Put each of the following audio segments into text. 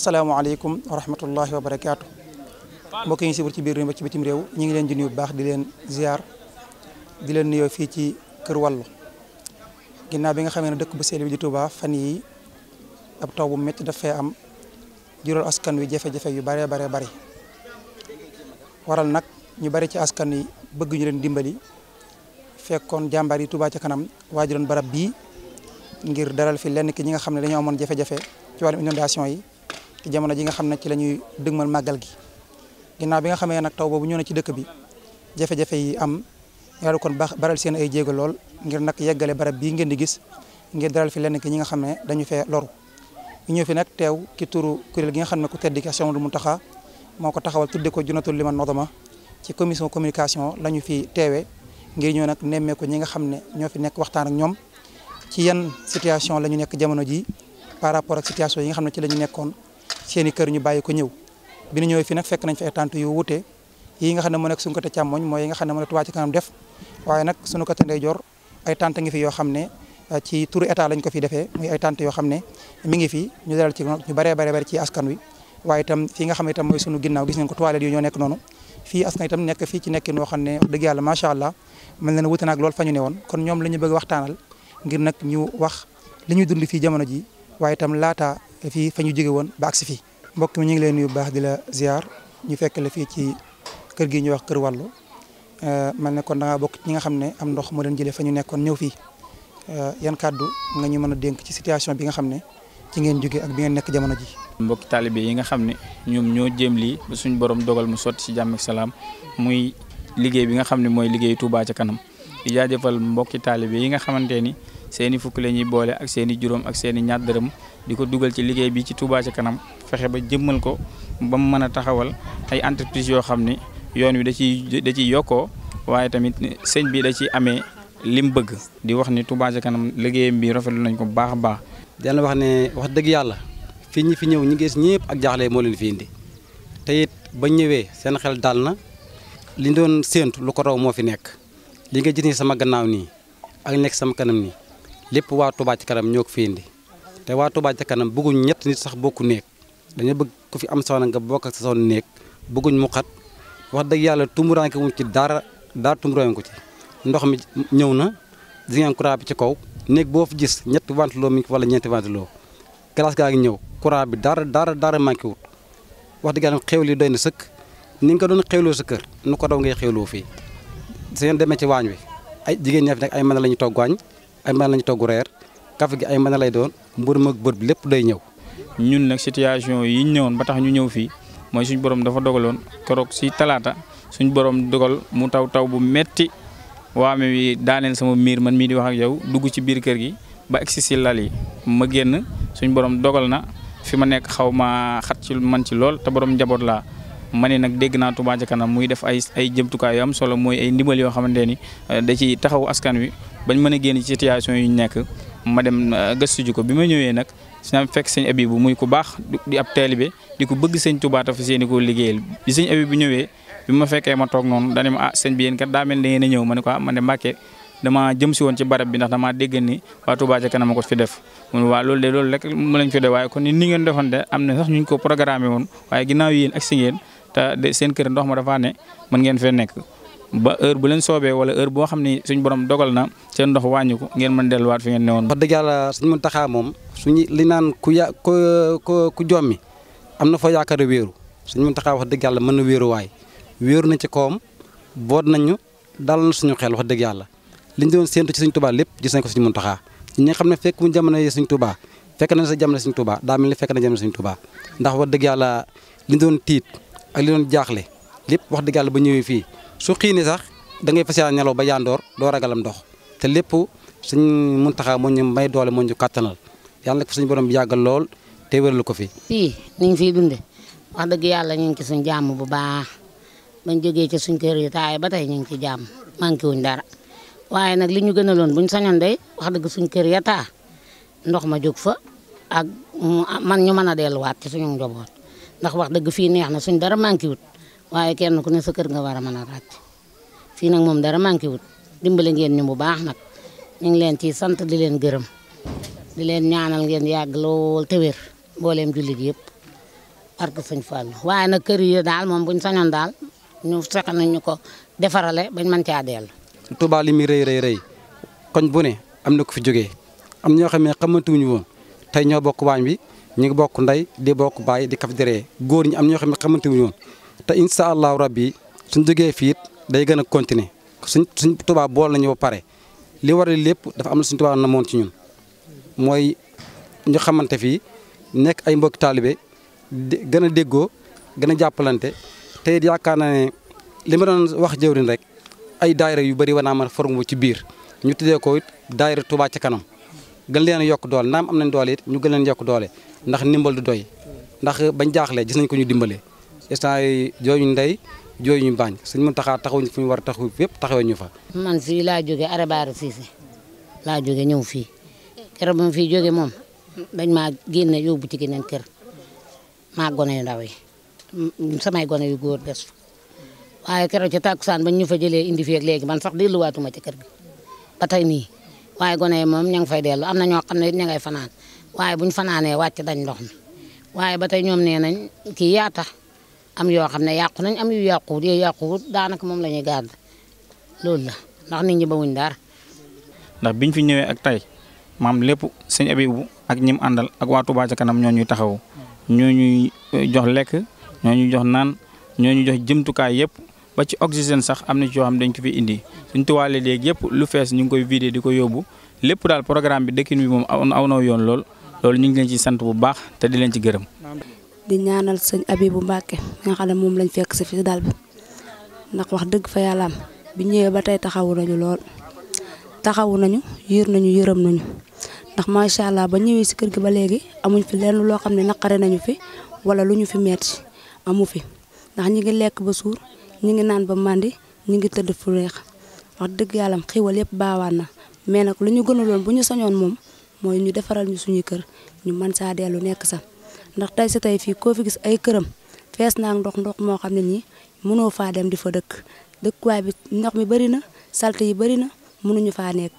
asalaamaaleykum wa rahmatullahi wa barakaatu mbokk yi ñu sibur ci biir réew mi ci bitim réew ñu ngi leen di nuyu bu baax di leen ziar di leen nuyoo fii ci kër wàllu ginnaaw bi nga xamee ne dëkk bu sell bi di Touba fan yi ab taw bu métti daf fee am jural askan wi jafe-jafe yu baree baree bari waral nag ñu bari ci askan yi bëgg leen dimbali fekkoon jàmbaar yi Touba ca kanam waajuroon barab bii ngir daral fi lenn ñi nga xam ne dañoo amoon jafe-jafe ci wàllum inondation yi jamono ji nga xam ne ci la ñuy dëgmal màggal gi ginnaaw bi nga xamee nag taw boobu ñëw na ci dëkk bi jafe-jafe yi am nga kon baax baral seen ay jéego lool ngir nag yeggale barab bii ngeen di gis ngir daral fi lenn ki ñi nga xam ne dañu fee loru ñu fi nag teew ki turu kuréel gi nga xam ne ku tedd ki Cheikh Mountakha moo ko taxawal tudde ko Junnatul Liman Nodama ci commission communication la ñu fi teewee ngir ñëw nag nemmeeku ñi nga xam ne ñoo fi nekk waxtaan ak ñoom ci yan situation la ñu nekk jamono ji par rapport ak situation yi nga xam ne ci la ñu nekkoon seeni kër ñu bàyyi ko ñëw bi ñu ñëwee fi nag fekk nañ nekk suñu côté yoo xam ne ah, ci turu lañ ko fi defee muy yoo xam ne mi ngi fi ñu dalal ci ñu baree bare bare ci askan wi waaye tam fii nga xam ne itam mooy suñu ginnaaw gis ngeen ko toilettes yu ñoo nekk noonu fii askan itam nekk fii ci nekkin noo xam ne dëgg yàlla macha allah mel na ne lool fa ñu ne woon kon ñoom la ñu bëgg waxtaanal ngir nag ñu wax li ñuy dund fii jamono ji waaye itam laata fii fa ñu jóge woon ba agsi fi mbokk mi ñu ngi leen yu baax di la ziar ñu fekk le fii ci kër gi ñuy wax kër wàllu eh, man ne kon da ngaa bokk ñi nga xam ne am ndox moo leen jëlee fa ñu nekkoon ñëw fii eh, yan kàddu nga ñu mën a dénk ci situation bi nga xam ne ci ngeen jóge ak bi ngeen nekk jamono ji mbokki taalibe yi nga xam ne ñoom ñoo jéem lii ba suñu borom dogal mu sotti ci jàmm salaam muy liggéey bi nga xam ne mooy liggéey Touba ca kanam di jaajëfal mbokki taalibe yi nga xamante ni seeni fukk la ñuy boole ak seeni juróom ak seeni ñaar dërëm di ko dugal ci liggéey bi ci Touba ci kanam fexe ba jëmmal ko ba mu mën a taxawal ay entreprise yoo xam ni yoon wi da ciy da ciy yokkoo waaye tamit sëñ bi da ciy amee li mu bëgg di wax ni Touba ci kanam liggéeyam bi rafetlu nañ ko bu baax a baax. dana wax ne wax dëgg yàlla fi ñi fi ñëw ñi gis ñëpp ak jaaxle moo leen fi indi te it ba ñëwee seen xel dal na li doon séentu lu ko raw moo fi nekk li nga gis sama gannaaw nii ak nekk sama kanam nii. lépp waa Touba ci kanam ñoo ko fi indi te waa Touba ci kanam bëgguñ ñett nit sax bokk néeg dañoo bëgg ku fi am soxna nga bokk ak sa néeg bëgguñ mu wax dëgg yàlla tumuraanke wuñ ci dara dara tumuraanke ci ndox mi ñëw na zingeen courant bi ci kaw néeg boo fi gis ñetti ventilo mi wala ñeenti ventilo glace gaa ngi ñëw courant bi dara dara dara manqué wut wax dëgg yàlla xéwal yi doy na sëkk ni nga ko doon xéwloo sa kër nu ko daw ngay xéwloo fii su ngeen demee ci waañ wi ay jigéen ñi fi ay mën la ñu togg waañ ay mën lañu togg reer kaf gi ay mën lay doon mburu mag bër bi lépp day ñëw ñun nag situation yi ñu ñëwoon ba tax ñu ñëw fii mooy suñu borom dafa dogaloon keroog si talaata suñu borom dogal mu taw taw bu metti waame wi daaneel sama miir man mii di wax ak yow dugg ci biir kër gi ba egsi si lal yi ma génn suñu borom dogal na fi ma nekk xaw ma xat ci man ci lool te borom njaboot laa ma ne nag dégg naa Touba kanam muy def ay ay jëmtukaay yu solo mooy ay ndimbal yoo xamante ni euh, da ci taxaw askan wi bañ mën a génn ci situation yu ñu nekk ma dem euh, gëstu ji ko bi ma ñëwee nag sina fekk sëñ Abibu muy ku baax di ab taalibe ko bëgg sëñ Touba ta fa seeni ko liggéeyal bi sëñ Abibu ñëwee bi fekkee ma toog noonu dane ma ah, bi yéen daa mel da ngeen ma ne ko ah man dama jëm si woon ci barab bi ndax damaa dégg ni waa Touba kanam a ko fi def mun waa loolu de loolu rek mu lañ fi def waaye kon ni ngeen defoon de am na sax ñu ko programmé woon waaye ginnaaw yéen ak si ngeen te seen kër ndox ma dafa ne mën ngeen fee nekk ba heure bu leen soobee wala heure boo xam ni suñ borom dogal na seen ndox wàññi ko ngeen man delluwaat fi ngeen newoon. wax dëgg yàlla suñu taxaa moom suñu li naan ku ya ku ku jommi am na foo yaakaar a wéeru suñu taxaa wax dëgg yàlla mën na wéeru waay wéeru na ci kawam boot nañu dal na suñu xel wax dëgg yàlla liñ doon séentu ci suñ tubaa lépp gis nañ ko suñu muntaxaa ñi nga xam ne fekk mu jamono yi suñ tubaa fekk nañ sa jamono suñ tubaa daa mel ni fekk na jamono suñ tubaa ndax wax dëgg yàlla liñ doon tiit ak li doon jaaxle lépp wax dëgg yàlla ba ñëwee fii su xiinee sax da ngay fas yàlla ba yaandoor doo ragalam ndox te lépp suñ Muntaxa moo ñu may doole moo ñu kàttanal yàlla suñu borom yàggal lool te wéral ko fi. fii ni ñu fiy dunde dëgg yàlla ñu ngi ci suñu jàmm bu baax bañ jógee ci suñ kër yi taay ba tey ñu ngi ci jàmm manqué wuñ dara waaye nag li ñu gënaloon buñ sañoon day wax dëgg suñ kër ya taa ndox ma jóg fa ak man ñu mën a delluwaat ci suñu njaboot. ndax wax dëgg fii neex na suñ dara manqué wut waaye kenn ku ne sa kër nga war a mën a ràcc fii nag moom dara manqué wut dimbale ngeen ñu bu baax nag ñu ngi leen ciy sant di leen gërëm di leen ñaanal ngeen yàgg lool te wér mbooleem jullit yëpp ark sëñ Fallu waaye nag kër yi daal moom buñ sañoon daal ñu fexe nañ ñu ko defarale bañ mën caa dellu. Touba li muy rëy rëy rëy koñ bu ne am na ko fi jógee am ñoo xam ne xamatuñu woon tey ñoo bokk waañ bi. ñu ngi bokk ndey di bokk baay di kaf di góor ñi am ñoo xam ne xamante wuñu woon te insa allahu rabbi suñ jógee fii it day gën a continuer suñ suñ Tuubaa bool nañu ba pare li waral lépp dafa am na suñ Tuubaa na moon ci ñun mooy ñu xamante fii nekk ay mbokki taalibe gën a déggoo gën a jàppalante te it yaakaar naa ne li ma doon wax jëwrin rek ay daayira yu bëri wanaa man forme bu ci biir ñu tuddee ko it daayira Tuubaa ci kanam gën leen a yokk doole naam am nañ doole ñu gën leen yokk doole ndax ndimbal du doy ndax bañ jaaxlee gis nañ ko ñu dimbale instant yi jooyu ndey jooyu ñu baañ suñ mën taxaa taxawuñ fu ñu war a taxaw yëpp taxawee ñu fa man si laa jóge arabaara siise laa jóge ñëw fii keroog ba fi fii moom dañ ma génne yóbbu ci geneen kër maa gone yu ndaw yi samay yu góor des fa waaye keroog ci tàkkusaan bañ ñu fa jëlee indi fi ak léegi man sax delluwaatuma ci kër gi ni tey nii waaye gone moom ña ngi fay dellu am ñoo xam ne it ña waaye buñ fanaanee wàcc dañ ndox mi waaye ba tey ñoom nee nañ kii yaata am yoo xam ne yàqu nañ am yu yàquwut yooyu yàquwut daanaka moom la ñuy gàdd loolu la ndax nit ñi ba wuñ dara. ndax biñ fi ñëwee ak tey maam lépp sëñ Abibu ak ñim àndal ak waa Touba ca kanam ñoo ñuy taxawu ñoo ñuy eh, jox lekk ñoo ñu jox naan ñoo ñu jox jëmtukaay yëpp ba ci oxygène sax am na ci yoo xam dañ ko fi indi suñ tuwaale léegi yëpp lu fees ñu ngi koy vidé di ko yóbbu lépp daal programme bi dëkkin bi moom aw na yoon lool. loolu ñu ngi leen ci sant bu baax te di leen ci gërëm. di ñaanal sëñ Abibu Mbàkke nga xam ne moom lañ fekk si fi daal bi ndax wax dëgg fa yàlla am bi ñëwee ba tey taxawu nañu lool taxawu nañu yër nañu yërëm nañu ndax macha allah ba ñëwee si kër gi ba léegi amuñ fi lenn loo xam ne naqare nañu fi wala lu ñu fi metti amu fi ndax ñi ngi lekk ba suur ñi ngi naan ba màndi ñi ngi tëdd fu reex wax dëgg yàlla am xiiwal yëpp baawaan na mais nag lu ñu gënaloon bu ñu sañoon moom. mooy ñu defaral ñu suñu kër ñu mën saa dellu nekk sa ndax tey sa tey fii koo fi gis ay këram fees naa ndox ndox moo xam ne nii mënoo faa dem di fa dëkk dëkkuwaay bi ndox mi bëri na salte yi bëri na mënuñu faa nekk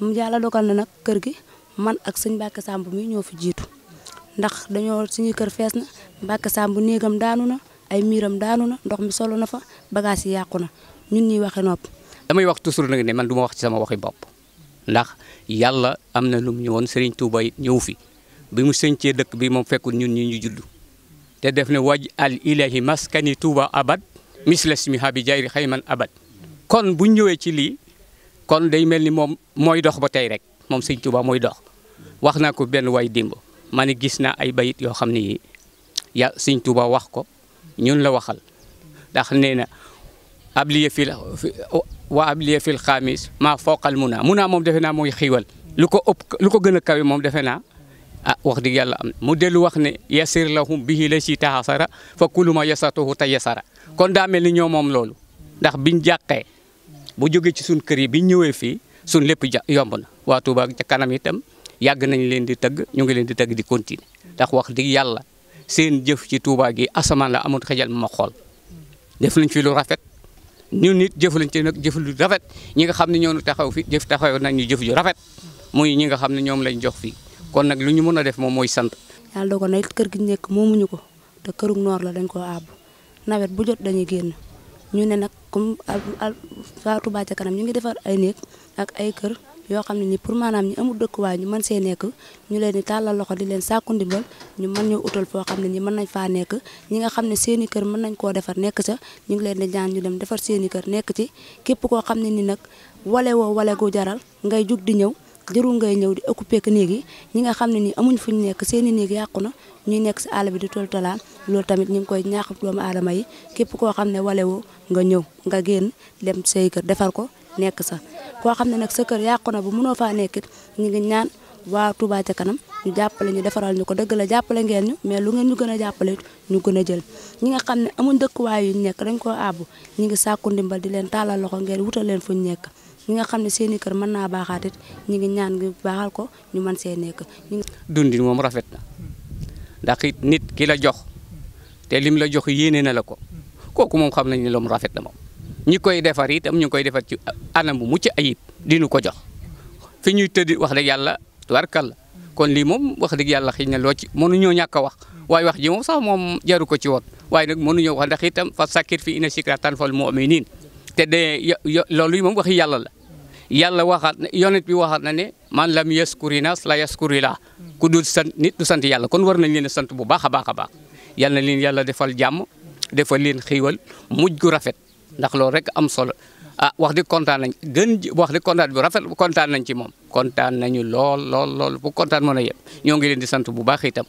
mu yàlla dogal na nag kër gi man ak sëñ Mbàkke sambu muy ñoo fi jiitu ndax dañoo suñu kër fees na Mbàkke sambu néegam daanu na ay miiram daanu na ndox mi solo na fa bagage yi yàqu na ñun ñuy waxe nopp damay wax toujours nag ne man du ma wax ci sama waxi bopp ndax yàlla am na lu mu ñëwoon Serigne Touba ñëw fi bi mu sëncee dëkk bi moom fekkul ñun ñu ñu judd te def na waj al ilahi maskani Touba abad mislasmi bi jayri xayman abad kon bu ñëwee ci lii kon day mel ni moom mooy dox ba tey rek moom Serigne Touba mooy dox wax naa ko benn way dimb ma ne gis naa ay bayit yoo xam ne yi ya Serigne Touba wax ko ñun la waxal ndax nee na lii abliya fil wa abliya fil xaamis maa fooqal munaa munaa moom defe naa mooy xiiwal lu ko ëpp lu ko gën a kawe moom defe naa a ah, wax dëgg yàlla am mu dellu wax ne yasir bi bihi la si taxasara fa kuluma yasatuhu te yasara kon daa mel ni ñoo moom loolu ndax biñ jàqee bu jógee ci suñ kër yi biñ ñëwee fii suñ lépp ja yomb na waa Touba ca kanam itam yàgg nañ leen di tëgg ñu ngi leen di tëgg di continuer ndax wax dëgg yàlla seen jëf ci Touba gi asamaan amul xejal xool ñun nit jëfalañ ci nag jëf lu rafet ñi nga xam ne ñoo taxaw fii jëf taxaw nag ñu jëf ju rafet muy ñi nga xam ne ñoom lañ jox fii kon nag lu ñu mën a def moom mooy sant. yàlla dogal na kër gi nekk moomuñu ko te kërug noor la dañ koo àbb nawet bu jot dañuy génn ñu ne nag comme Touba ca kanam ñu ngi defar ay néeg ak ay kër. yoo xam ne ni pour maanaam ñu amul dëkkuwaay ñu mën see nekk ñu leen di tàllal loxo di leen sàkku ñu man ñoo utal foo xam ne nii mën nañ faa nekk ñi nga xam ne seeni kër mën nañ koo defar nekk sa ñu ngi leen di ñaan dem defar seeni kër nekk ci képp koo xam ne nii nag wale woo wale gu jaral ngay jug di ñëw jërul ngay ñëw di occupé que néeg yi ñi nga xam ne nii amuñ fu ñu nekk seeni néeg yàqu na ñuy nekk si àll bi di tol talaan loolu tamit ñu ngi koy ñaax doomu aadama yi képp koo xam ne wale woo nga ñëw nga génn dem say kër ko nekk sa koo xam ne nag sa kër yàqu na bu mënoo faa nekkit ñu ngi ñaan waa Touba ca kanam ñu jàppale ñu defaral ñu ko dëgg la jàppale ngeen ñu mais lu ngeen ñu gën a jàppale ñu gën a jël ñi nga xam ne amuñ dëkkuwaay yu ñu nekk dañ koo àbbu ñi ngi sàkku ndimbal di leen tàllal loxo ngeen wutal leen fuñ nekk ñi nga xam ne seen i kër mën naa baaxaat it ngi ñaan ngi baaxal ko ñu mën see nekk. dundin moom rafet na ndax it nit ki la jox te lim la jox yéene na la ko kooku xam nañ ne loom rafet na moom ñi koy defar itam ñu ngi koy defar ci anam bu mucc ayib dinu ko jox fi ñuy tëddi wax dëgg yàlla tubarkalla kon lii moom wax dëgg yàlla xëy na loo ci mënuñoo ñàkk wax waaye wax ji moom sax moom jaru ko ci woon waaye nag mënuñoo wax ndax itam fa sakir fi ina sikra tan fal mu'minin te de loolu moom waxi yàlla la yàlla waxaat na yonent bi waxaat na ne man lam yaskuri nas la yaskuri la ku dul sant nit du sant yàlla kon war nañ leen a sant bu baax a baax a baax na leen yàlla defal jàmm defal leen xiiwal mujj gu rafet ndax loolu rek am solo ah wax di kontaan nañ gën wax di kontaan bu rafet kontaan nañ ci moom kontaan nañu lool lool lool bu kontaan mën a yem ñoo ngi leen di sant bu baax itam.